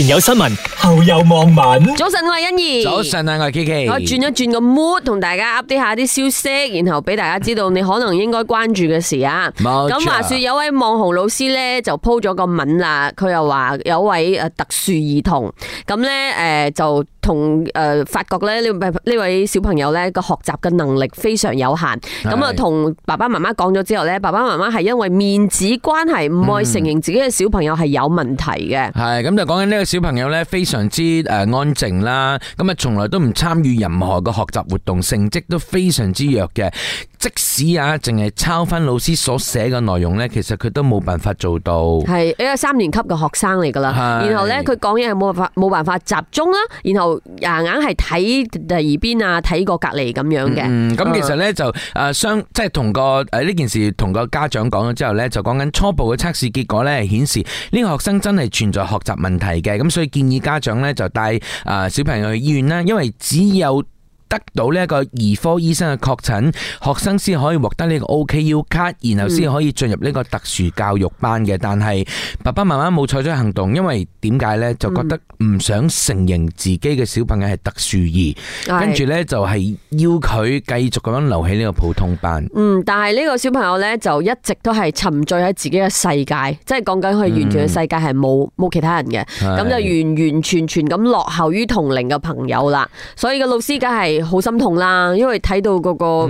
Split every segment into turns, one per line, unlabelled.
前有新聞，後有網民。早
晨啊，我係欣宜。早晨啊，我係 Kiki。我轉一轉個 mood，同大家 update 下啲消息，然後俾大家知道你可能應該關注嘅事啊。咁話說有位網紅老師咧就 po 咗個文啦，佢又話有位誒特殊兒童，咁咧誒就。同誒發覺咧呢位呢位小朋友咧個學習嘅能力非常有限，咁啊同爸爸媽媽講咗之後咧，爸爸媽媽係因為面子關係唔會承認自己嘅小朋友係有問題嘅。
係咁、嗯、就講緊呢個小朋友咧，非常之安靜啦，咁啊從來都唔參與任何嘅學習活動，成績都非常之弱嘅。即使啊，淨係抄翻老師所寫嘅內容咧，其實佢都冇辦法做到。
係一個三年級嘅學生嚟噶啦，是然後咧佢講嘢係冇辦法冇辦法集中啦，然後。硬硬係睇第二邊啊，睇過隔離咁樣嘅、嗯。嗯、咁、嗯嗯、其實咧
就誒，相即係同個誒呢、啊、件事同個家長講咗之後咧，就講緊初步嘅測試結果咧，係顯示呢個學生真係存在學習問題嘅，咁所以建議家長咧就帶誒小朋友去醫院啦，因為只有。得到呢一個兒科醫生嘅確診，學生先可以獲得呢個 OKU 卡，然後先可以進入呢個特殊教育班嘅。嗯、但係爸爸媽媽冇採取行動，因為點解呢？就覺得唔想承認自己嘅小朋友係特殊兒，嗯、跟住呢，就係、是、要佢繼續咁樣留喺呢個普通班。
嗯，但係呢個小朋友呢，就一直都係沉醉喺自己嘅世界，即係講緊佢完全嘅世界係冇冇其他人嘅，咁是就完完全全咁落後於同齡嘅朋友啦。所以個老師梗係。好心痛啦，因為睇到嗰個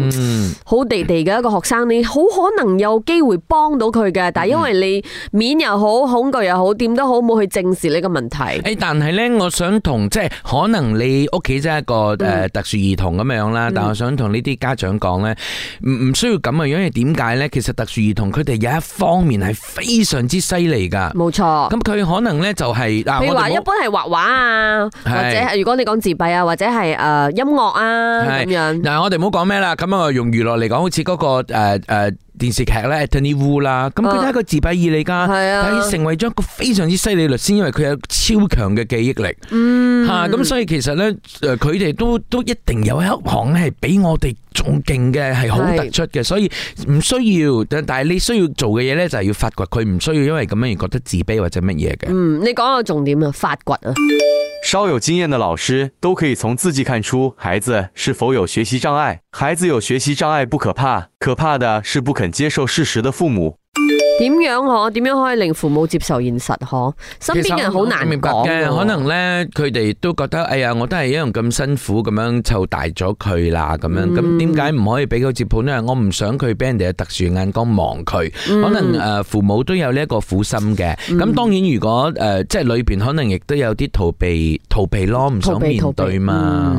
好地地嘅一個學生你好、嗯、可能有機會幫到佢嘅，但係因為你面又好，恐懼又好，點都好，冇去正視呢個問題。誒、
但係呢，我想同即係可能你屋企真係一個誒特殊兒童咁樣啦，嗯、但我想同呢啲家長講呢，唔唔、嗯、需要咁嘅樣，因為點解呢？其實特殊兒童佢哋有一方面係非常之犀利噶，冇錯。咁佢可能呢就係、是、譬如話一
般係畫畫啊，或者如果你講自閉啊，或者係誒音樂。啊，咁
嗱係，咁樣，我哋唔好講咩啦，咁啊用娛樂嚟講，好似嗰個誒誒、呃呃、電視劇咧、Tony Wu 啦，咁佢係一個自閉兒嚟噶，係啊，佢成為咗一個非常之犀利律師，因為佢有超強嘅記憶力，吓、嗯，咁所以其實咧，誒佢哋都都一定有一行咧係比我哋仲勁嘅，係好突出嘅，係，所以唔需要，但係你需要做嘅嘢咧就係要發掘佢唔需要，因為咁樣而覺得自卑或者乜嘢
嘅，你講個重點啊，發掘啊。
稍有經驗的老師都可以從字跡看出孩子是否有學習障礙。孩子有學習障礙不可怕，可怕的是不肯接受事實的父母。
點樣可點樣可以令父母接受現實，可身邊嘅人好難的明白嘅，可
能咧佢哋都覺得，哎呀，我都係一樣咁辛苦咁樣湊大咗佢啦，咁樣咁點解唔可以俾佢接盤咧？我唔想佢俾人哋嘅特殊眼光望佢，可能誒父母都有呢一個苦心嘅。咁當然如果誒、呃、即係裏邊可能亦都有啲逃避逃避咯，唔想面對嘛。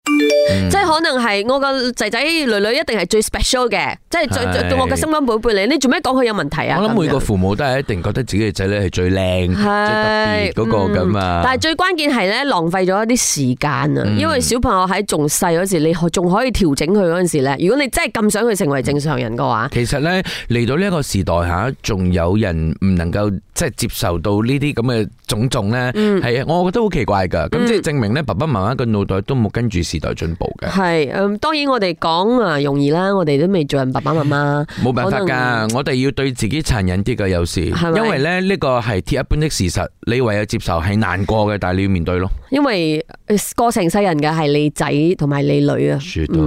即係可能係我個仔仔女女一定係最 special 嘅，即係最最對我嘅心肝寶貝嚟。你做咩講佢有問題啊？我諗每個
父母都係一定覺得自己嘅仔咧係最靚、最特別嗰個噶嘛。但係最
關鍵係咧浪費咗一啲時間啊！因為小朋友喺仲細嗰時，你仲可以調整佢嗰陣時咧。如果你真係咁想佢成為正常人嘅話，
其實咧嚟到呢一個時代吓，仲有人唔能夠即係接受到呢啲咁嘅種種咧？係啊，我覺得好奇怪噶。咁即係證明咧，爸爸媽媽個腦袋都冇跟住。時代進步嘅
係，嗯，當然我哋講啊容易啦，我哋都未做人爸爸媽媽，冇辦法噶，
能我哋要對自己殘忍啲噶，有時，吧因為咧呢個係鐵一般的事實，你唯有接受係難過嘅，但係你要面對咯。
因為過成世人嘅係你仔同埋你女啊，導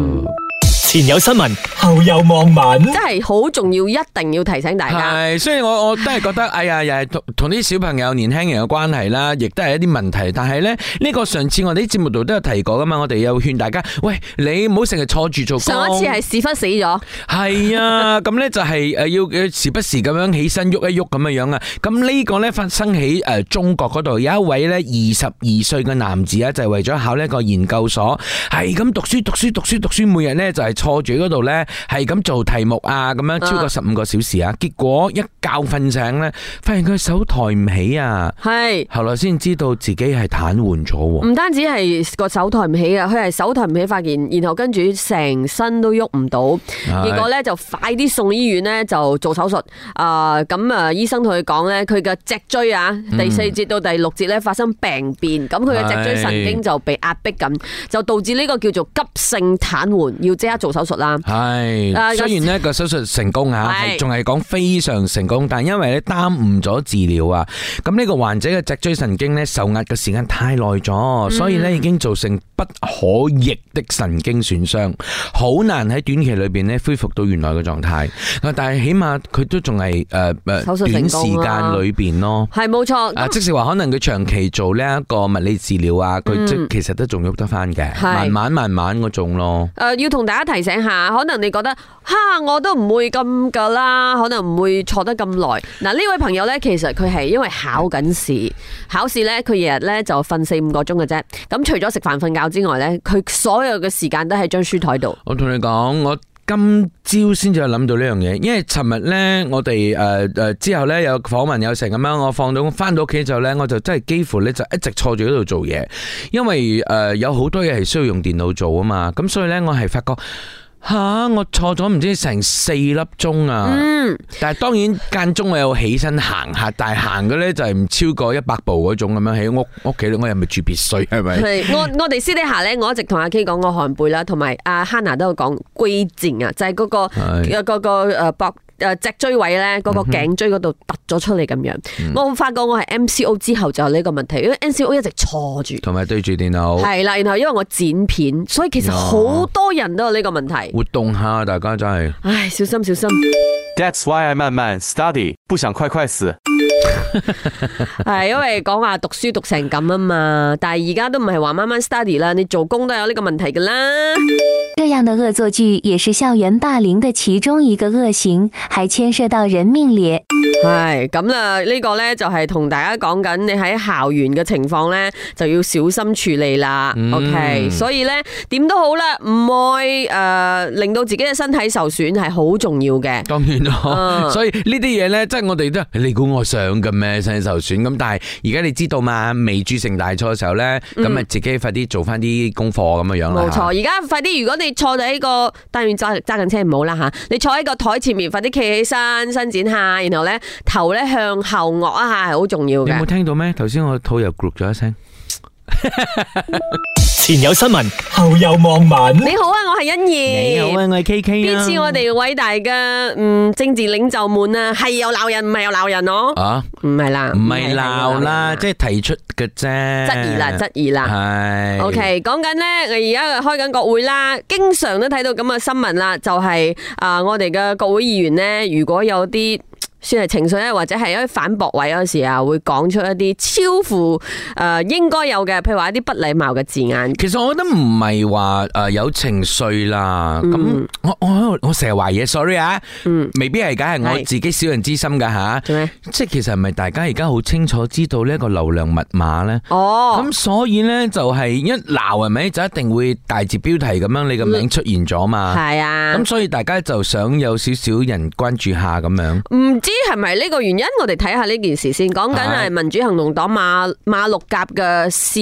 前有新聞，後有網民，
真係好重要，一定要提醒大家。
係，所以我我都係覺得，哎呀，又係同同啲小朋友、年輕人嘅關係啦，亦都係一啲問題。但係咧，呢個上次我哋啲節目度都有提過噶嘛，我哋又勸大家，喂，你唔好成日坐住做。上一次係
屎忽死咗。係啊，
咁咧就係誒，要時不時咁樣起身喐一喐咁樣樣啊。咁呢個咧發生喺誒中國嗰度，有一位咧二十二歲嘅男子啊就係為咗考呢個研究所，係咁讀書讀書讀書讀書，每日咧就係。坐住喺嗰度咧，係咁做題目啊，咁樣超過十五個小時啊，結果一覺瞓醒咧，發現佢手抬唔起啊，係，是 後來先知道自己係癱瘓咗，唔
單止係個手抬唔起啊，佢係手抬唔起，發現，然後跟住成身都喐唔到，是 結果咧就快啲送醫院咧就做手術啊，咁、呃、啊，醫生同佢講咧，佢嘅脊椎啊，第四節到第六節咧發生病變，咁佢嘅脊椎神經就被壓迫緊是 就導致呢個叫做急性癱瘓要即刻。做手術
啦，係雖然呢個手術成功啊，係仲係講非常成功，但係因為咧耽誤咗治療啊，咁呢個患者嘅脊椎神經咧受壓嘅時間太耐咗，所以咧已經造成不可逆的神經損傷，好難喺短期裏邊咧恢復到原來嘅狀態。但係起碼佢都仲係誒誒，短時間裏邊咯，
係冇錯。啊，
即係話可能佢長期做呢一個物理治療啊，佢即其實都仲喐得翻嘅，慢慢慢慢嗰種咯。
誒，要同大家提。提醒下，可能你覺得哈、啊，我都唔會咁㗎啦，可能唔會坐得咁耐。嗱，呢位朋友咧，其實佢係因為考緊試，考試咧佢日日咧就瞓四五個鐘嘅啫。咁除咗食飯瞓覺之外咧，佢所有嘅時間都喺張書台度。
我同你講，我。今朝先至諗到呢樣嘢，因為尋日呢，我哋誒誒之後呢，有訪問有成咁樣，我放到翻到屋企之後呢，我就真係幾乎呢，就一直坐住喺度做嘢，因為誒有好多嘢係需要用電腦做啊嘛，咁所以呢，我係發覺。吓、啊！我坐咗唔知成四粒鐘啊，嗯、但係當然間中我有起身行下，但係行嘅咧就係唔超過一百步嗰種咁樣，喺屋屋企我又咪住別墅，係咪？係 我
我哋私底下咧，我一直同阿 K 講過寒背啦，同埋阿 Hanna 都有講龜腱啊，就係嗰個個誒、啊誒，脊椎位咧，嗰個個頸椎嗰度突咗出嚟咁樣，mm hmm. 我發覺我係 MCO 之後就有呢個問題，因為 MCO 一直坐住，
同埋對住電腦，係
啦，然後因為我剪片，所以其實好多人都有呢個問題，yeah.
活動下大家真
係，唉，小心小心
，That's why I'm a man study。不想快快死，
係 因為講話讀書讀成咁啊嘛，但係而家都唔係話慢慢 study 啦，你做工都有呢個問題噶啦。
這樣的惡作劇也是校園霸凌的其中一個惡
行，還牽涉到人命咧。係咁啦，呢、這個呢就係同大家講緊，你喺校園嘅情況呢，就要小心處理啦。嗯、OK，所以呢點都好啦，唔會誒令到自己嘅身體受損係好重要嘅。當
然咯，嗯、所以呢啲嘢呢。真。我哋都你估我想嘅咩？身受損咁，但係而家你知道嘛？未鑄成大錯嘅時候咧，咁咪自己快啲做翻啲功課咁嘅樣咯。冇錯，
而家快啲！如果你坐喺呢個當然揸揸緊車唔好啦嚇，你坐喺個台前面快啲企起身伸展下，然後咧頭咧向後壓一下，係好重要嘅。你有冇聽
到咩？頭先我肚又咕咗一聲。前有新聞，後有網民。你好
啊，我係欣怡。你好啊，
我係 KK 啊。呢次我
哋偉大嘅嗯政治領袖們啊，係又鬧人，唔係又鬧人哦。
啊，唔
係啦，唔係鬧啦，
即係提出嘅啫。質疑啦，質疑啦。係。OK，
講緊呢，而家開緊國會啦，經常都睇到咁嘅新聞啦，就係啊，我哋嘅國會議員呢，如果有啲。算係情緒咧，或者係一反駁位嗰時啊，會講出一啲超乎誒應該有嘅，譬如話一啲不禮貌嘅字眼。其實我覺得唔係
話誒有情緒啦。咁我我我成日懷疑，sorry 啊，嗯，未必係，梗係我自己小人之心噶吓。做咩？即係其實係咪大家而家好清楚知道呢一個流量密碼咧？哦。咁所以咧就係一鬧係咪就一定會大字標題咁樣你個名出現咗嘛？係啊。咁所以大家就想有少少人關注下咁樣。
唔知。係咪呢個原因？我哋睇下呢件事先。講緊係民主行動黨馬馬六甲嘅市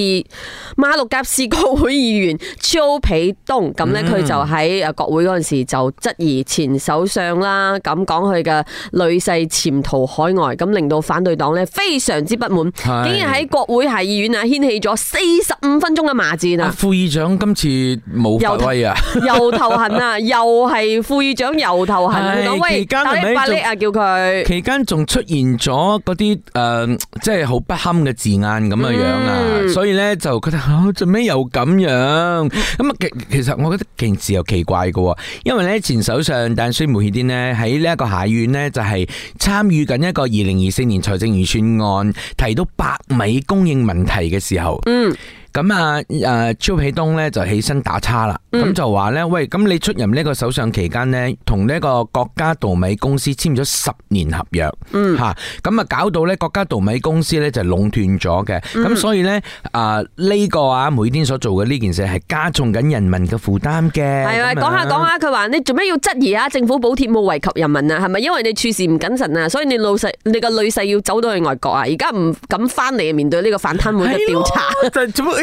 馬六甲市國會議員超皮東，咁呢，佢就喺國國會嗰陣時就質疑前首相啦，咁講佢嘅女婿潛逃海外，咁令到反對黨呢非常之不滿，竟然喺國會係議院啊掀起咗四十五分鐘嘅罵戰啊！副議長今次
冇虧啊，又頭痕啊，
又係副議長又頭痕，哎，喂，打巴力啊，還叫佢。期
間仲出現咗嗰啲誒，即係好不堪嘅字眼咁嘅樣啊！嗯、所以呢就覺得，哦、做咩又咁樣咁啊！其其實我覺得件事又奇怪嘅，因為呢前首相戴須梅憲天咧喺呢一個下院呢，就係參與緊一個二零二四年財政預算案，提到百米供應問題嘅時候。嗯咁啊，誒，超皮東咧就起身打叉啦，咁就話咧，喂，咁你出任呢個首相期間咧，同呢個國家稻米公司簽咗十年合約，嚇，咁啊搞到咧國家稻米公司咧就壟斷咗嘅，咁所以咧，誒呢個啊每天所做嘅呢件事係加重緊人民嘅負擔嘅，係啊，講下講下，
佢話你做咩要質疑啊？政府補貼冇惠及人民啊？係咪因為你處事唔謹慎啊？所以你老細你個女婿要走到去外國啊？而家唔敢翻嚟面對呢個反貪會嘅調查，就做咩？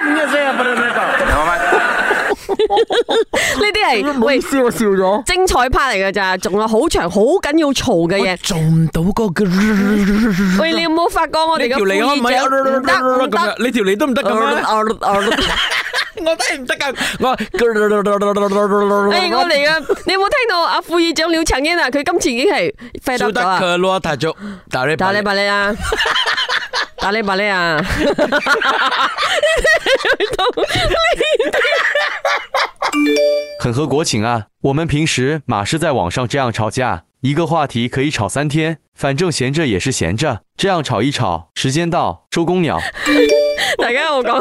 點嘅
聲啊！唔好唔好嘈，明白嗎？呢啲係喂笑啊笑咗，精彩拍嚟噶咋？仲有好長好緊要嘈嘅嘢。做唔到個嘅，喂你有冇發覺我哋嘅副議長？得得，你條脷都唔得咁樣。我聽唔得
咁。我。哎，我嚟
嘅，你有冇聽到阿副議長廖長英啊？佢今次已經快到咗啊。朱德克洛泰就打你打你把咧啊！打你把咧啊！
很合國情啊！我們平時馬是在網上這樣吵架，一個話題可以吵三天，反正閒着也是閒着，這樣吵一吵，時間到，收工鳥。
大家我講，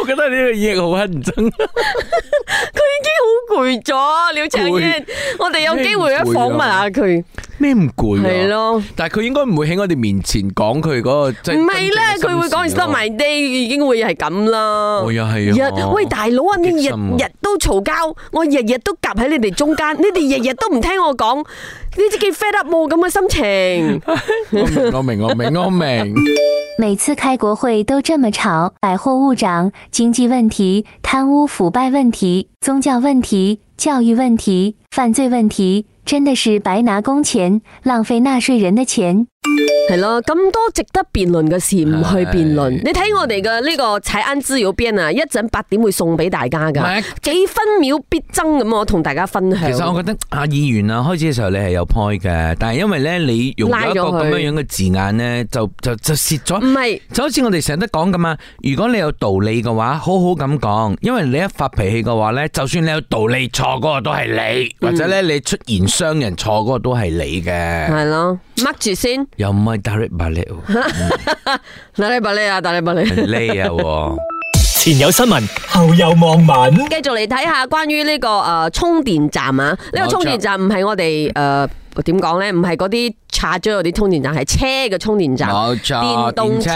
我覺得呢個嘢好乞憎， 他已經好攰咗，你要請人，他我哋有機會去訪問下佢啊。咩唔
攰係咯，是的 但係佢應該唔會喺我哋面前講佢嗰個即唔係啦，佢會講完收埋
啲，已經會係咁啦。我又係啊，喂大佬啊，你日深日都嘈交，我日日都夾喺你哋中間，你哋日日都唔聽我講，呢啲叫 fed up 咁嘅心情。
我明，我明，我明，我明 每次開國會都這麼吵，百貨物價、經濟問題、貪污腐敗問題、宗教問題、教育問題、犯罪問題。真的是白拿工錢，浪費納
稅人的錢。係咯，咁多值得辯論嘅事唔去辯論。的你睇我哋嘅呢個踩安之有邊啊，一陣八點會送俾大家噶，是幾分秒必爭咁，我同大家分享。其實我覺
得阿議員啊，開始嘅時候你係有 point 嘅，但係因為呢，你用一個咁樣樣嘅字眼呢，就就就蝕咗。唔係是就好似我哋成日都講咁啊，如果你有道理嘅話，好好咁講。因為你一發脾氣嘅話呢，就算你有道理錯嗰個都係你，或者呢，你出言傷人錯嗰個都係你嘅。係
咯、嗯。Mark 住先，
又唔係 Direct Balley
d a r e t Balley 啊 d i r t Balley，係呢啊！嗯、
前有新聞，後
有網民，繼續嚟睇下關於呢個誒充電站啊，呢個充電站唔係我哋誒。點講咧？唔係嗰啲拆咗嗰啲充電站，係車嘅充電站，電動車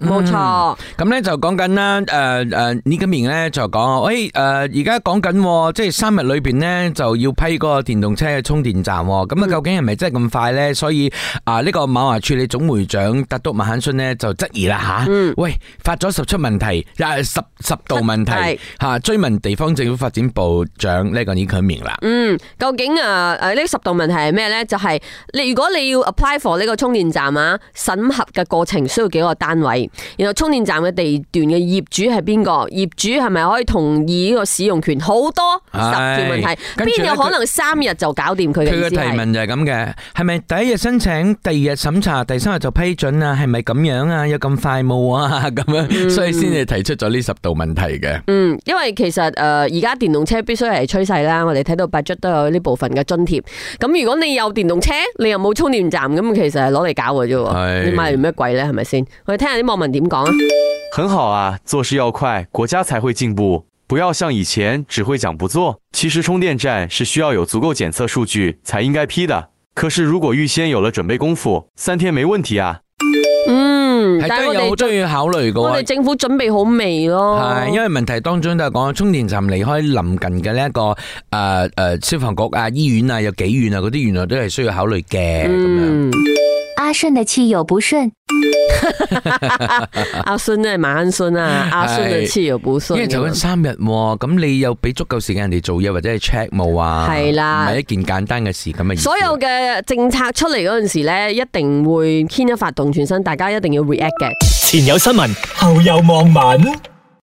冇錯。咁
咧就講緊啦，誒誒，倪可敏咧就講，誒，而家講緊即係三日裏邊咧就要批個電動車嘅充電站，咁啊究竟係咪真係咁快咧？所以啊，呢個馬華處理總會長達督馬肯遜咧就質疑啦吓，喂，發咗十出問題，又十十道問題吓，追問地方政府發展部長呢個倪可敏啦。
嗯，究竟啊誒呢十道問題係咩咧？咧就係你如果你要 apply for 呢個充電站啊，審核嘅過程需要幾個單位，然後充電站嘅地段嘅業主係邊個？業主係咪可以同意呢個使用權？好多、哎、十條問題，邊有可能三日就搞掂佢？佢嘅提問
就係咁嘅，係咪第一日申請，第二日審查，第三日就批准啊？係咪咁樣啊？有咁快冇啊？咁樣，所以先至提出咗呢十道問題嘅、嗯。
嗯，因為其實誒而家電動車必須係趨勢啦，我哋睇到 budget 都有呢部分嘅津貼。咁如果你有有電動車，你又冇充電站，咁其實係攞嚟搞嘅啫。你買嚟咩鬼呢？係咪是的 先？我哋聽下啲網民點講啊。很
好啊，做事要快，國家才會進步。不要像以前只會講不做。其實充電站是需要有足夠檢測數據才應該批的。可是如果預先有了準備功夫，三天沒問題啊。
嗯，係，但係我哋有好需要考慮嘅，我哋政府準備好未咯？係因
為問題當中都係講充電站離開臨近嘅呢一個誒誒、呃呃、消防局啊、醫院啊、有幾遠啊嗰啲，原來都係需要考慮嘅咁樣。
嗯阿順的氣有不順， 阿順咧馬安信啊，是阿順的氣有不順，啊，因為就咁三日，
啊，咁你又俾足夠時間人哋做嘢，或者係 check 冇啊？係啦，唔係一件簡單嘅事。咁啊，所
有嘅政策出嚟嗰陣時咧，一定會牽一發動全身，大家一定要 react 嘅。前有新聞，後有網民。